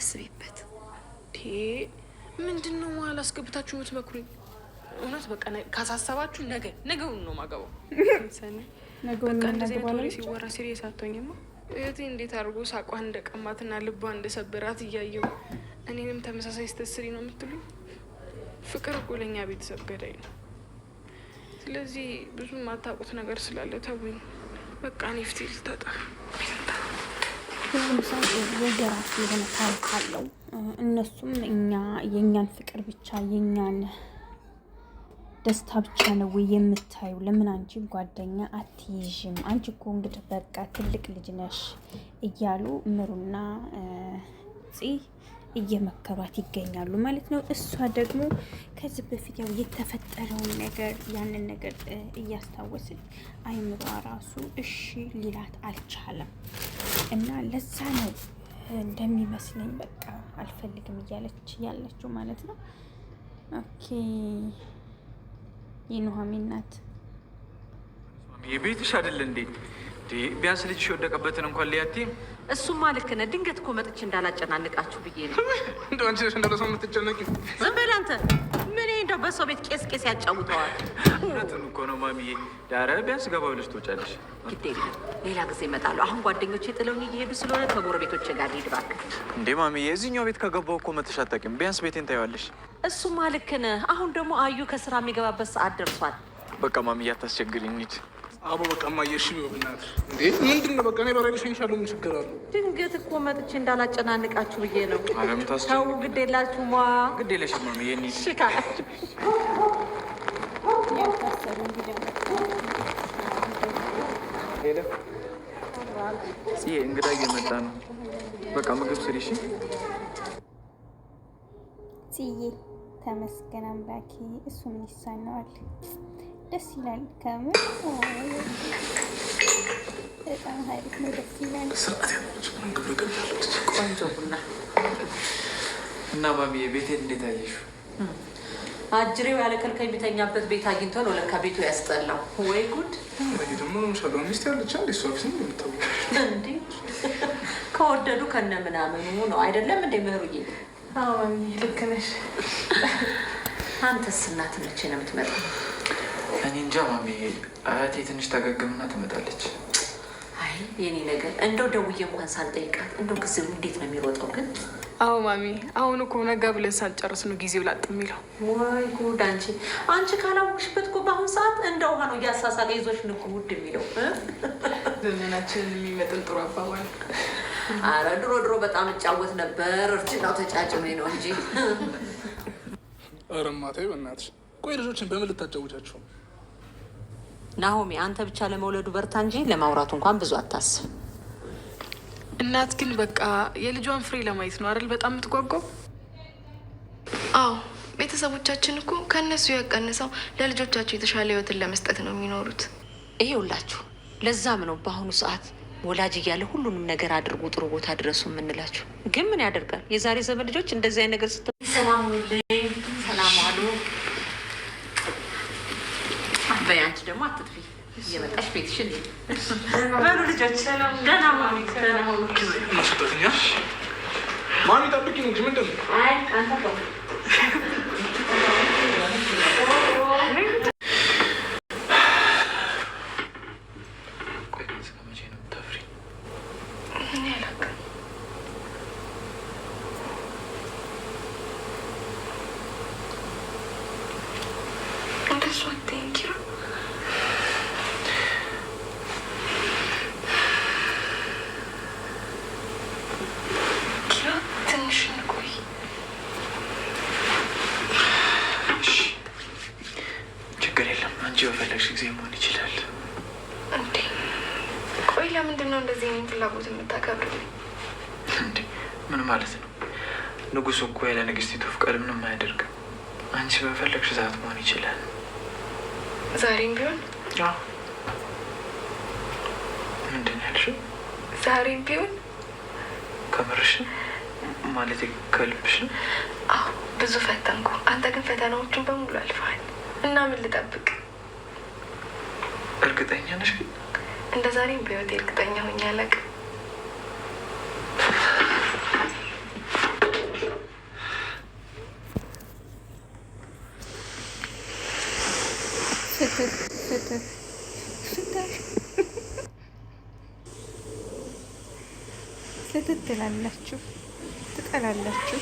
አስቤበት። ምንድን ነው አላስገብታችሁ የምትመክሩኝ? እውነት በቃ ካሳሰባችሁ ነገ ነገውን ነው ማገባው። በቃ እንደዚህ አይነት ወሬ ሲወራ ሲሪየስ አትሆኝማ። እህቴ እንዴት አድርጎ ሳቋን እንደቀማትና ልቧ እንደሰበራት እያየው እኔንም ተመሳሳይ ስተስሪ ነው የምትሉኝ? ፍቅር እኮ ለእኛ ቤተሰብ ገዳይ ነው። ስለዚህ ብዙ የማታውቁት ነገር ስላለ ተውኝ። በቃ ኔፍቴ ልታጠፋ ሁሉም ሰው የየራሱ የሆነ ታሪክ አለው። እነሱም እኛ የእኛን ፍቅር ብቻ የእኛን ደስታ ብቻ ነው ወይ የምታዩ? ለምን አንቺ ጓደኛ አትይዥም? አንቺ እኮ እንግዲህ በቃ ትልቅ ልጅ ነሽ እያሉ ምሩና ጽ እየመከሯት ይገኛሉ ማለት ነው። እሷ ደግሞ ከዚህ በፊት ያው የተፈጠረውን ነገር ያንን ነገር እያስታወስን አይምሯ ራሱ እሺ ሊላት አልቻለም። እና ለዛ ነው እንደሚመስለኝ በቃ አልፈልግም እያለች ያለችው ማለት ነው። ኦኬ የኑሃሚ ናት። የቤትሽ አይደል እንዴ? ቢያንስ ልጅሽ የወደቀበትን እንኳን ሊያቲ። እሱማ ልክ ነህ። ድንገት እኮ መጥቼ እንዳላጨናንቃችሁ ብዬ ነው። እንደ አንቺ ነሽ እንዳለ ሰው የምትጨነቂ። ዝም በል አንተ። ሰው ቤት ቄስ ቄስ ያጫውተዋል። እውነቱን እኮ ነው ማሚዬ። ዳረ ቢያንስ ገባ ልጅ ትወጫለሽ። ግድ የለም ሌላ ጊዜ እመጣለሁ። አሁን ጓደኞቼ ጥለውኝ እየሄዱ ስለሆነ ከጎረቤቶቼ ጋር ልሂድ እባክህ። እንዴ ማሚዬ፣ እዚህኛው ቤት ከገባው እኮ መተሻጠቂም ቢያንስ ቤቴን ታየዋለሽ። እሱማ ልክ ነህ። አሁን ደግሞ አዩ ከስራ የሚገባበት ሰዓት ደርሷል። በቃ ማሚዬ አታስቸግሪኝ። እንሂድ አቦ በቃ እማዬ እሺ በይው በእናትሽ። እንዴ ምንድን ነው? በቃ እኔ በራሪ ሸኝሻለሁ። ምን ችግር አለው? ድንገት እኮ መጥቼ እንዳላጨናንቃችሁ ብዬ ነው። ተው ግድ የላችሁ ሟ ግድ የለሽም ነው ይሄን ሽካላችሁ ይሄ እንግዳ እየመጣ ነው። በቃ ምግብ ስሪ እሺ። ጽዬ ተመስገን አምላኬ፣ እሱ ምን ይሳነዋል? ደስ ይላል ከምር እና ማሚ ቤቴን እንዴት አየሽው? አጅሬው ያለ ከልካይ ቤት አግኝቶ ነው ለካ ቤቱ ያስጠላው። ወይ ጉድ! ከወደዱ ከነ ምናምኑ ነው አይደለም እንዴ? ምህሩዬ፣ ልክ ነሽ። አንተስ እናት መቼ ነው የምትመጣው? እኔ እንጃ ማሚ፣ አያቴ ትንሽ ታገግምና ትመጣለች። አይ የኔ ነገር እንደው ደውዬ እንኳን ሳልጠይቃት እንደው ጊዜው እንዴት ነው የሚሮጠው ግን? አዎ ማሚ፣ አሁን እኮ ነገ ብለን ሳንጨርስ ነው ጊዜው ላጥ የሚለው። ወይ ጉድ! አንቺ አንቺ ካላወቅሽበት እኮ በአሁን ሰዓት እንደ ውሃ ነው እያሳሳለ ይዞሽ ውድ የሚለው ዘመናችንን የሚመጥን ጥሩ አባባል። አረ ድሮ ድሮ በጣም እጫወት ነበር። እርጅናው ተጫጭሜ ነው እንጂ። አረ እማታዬ፣ በእናትሽ ቆይ ልጆችን በምን ልታጫውቻቸው? ናሆሜ አንተ ብቻ ለመውለዱ በርታ እንጂ ለማውራቱ እንኳን ብዙ አታስብ። እናት ግን በቃ የልጇን ፍሬ ለማየት ነው አይደል በጣም የምትጓጓው? አዎ ቤተሰቦቻችን እኮ ከእነሱ ያቀንሰው ለልጆቻቸው የተሻለ ህይወትን ለመስጠት ነው የሚኖሩት። ይሄ ሁላችሁ ለዛም ነው በአሁኑ ሰዓት ወላጅ እያለ ሁሉንም ነገር አድርጉ፣ ጥሩ ቦታ ድረሱ የምንላቸው። ግን ምን ያደርጋል የዛሬ ዘመን ልጆች እንደዚህ አይነት ነገር ስት ደግሞ አትጥፊ እየመጣሽ ቤትሽን እንዲ በሉ ልጆች ደህና ሆኑ ማሚ ጠብቂ ነው ምንድን ነው ቆይ እስከ መቼ ነው የምታፍሪ ትንሽ ጊዜ መሆን ይችላል። እንዴ ቆይ ለምንድን ነው እንደዚህ እኔን ፍላጎት የምታከብርልኝ? እንዴ ምን ማለት ነው? ንጉሱ እኮ ያለ ንግስቲቱ ፍቃድ ምንም አያደርግም። አንቺ በፈለግሽ ሰዓት መሆን ይችላል። ዛሬም ቢሆን ምንድን ነው ያልሽው? ዛሬም ቢሆን ከምርሽ ማለት ከልብሽ? አዎ ብዙ ፈተንኩ። አንተ ግን ፈተናዎቹን በሙሉ አልፈሃል እና ምን ልጠብቅ እርግጠኛ ነሽ? እንደ ዛሬም በህይወቴ እርግጠኛ ሆኜ አላውቅም። ስትትላላችሁ ትጠላላችሁ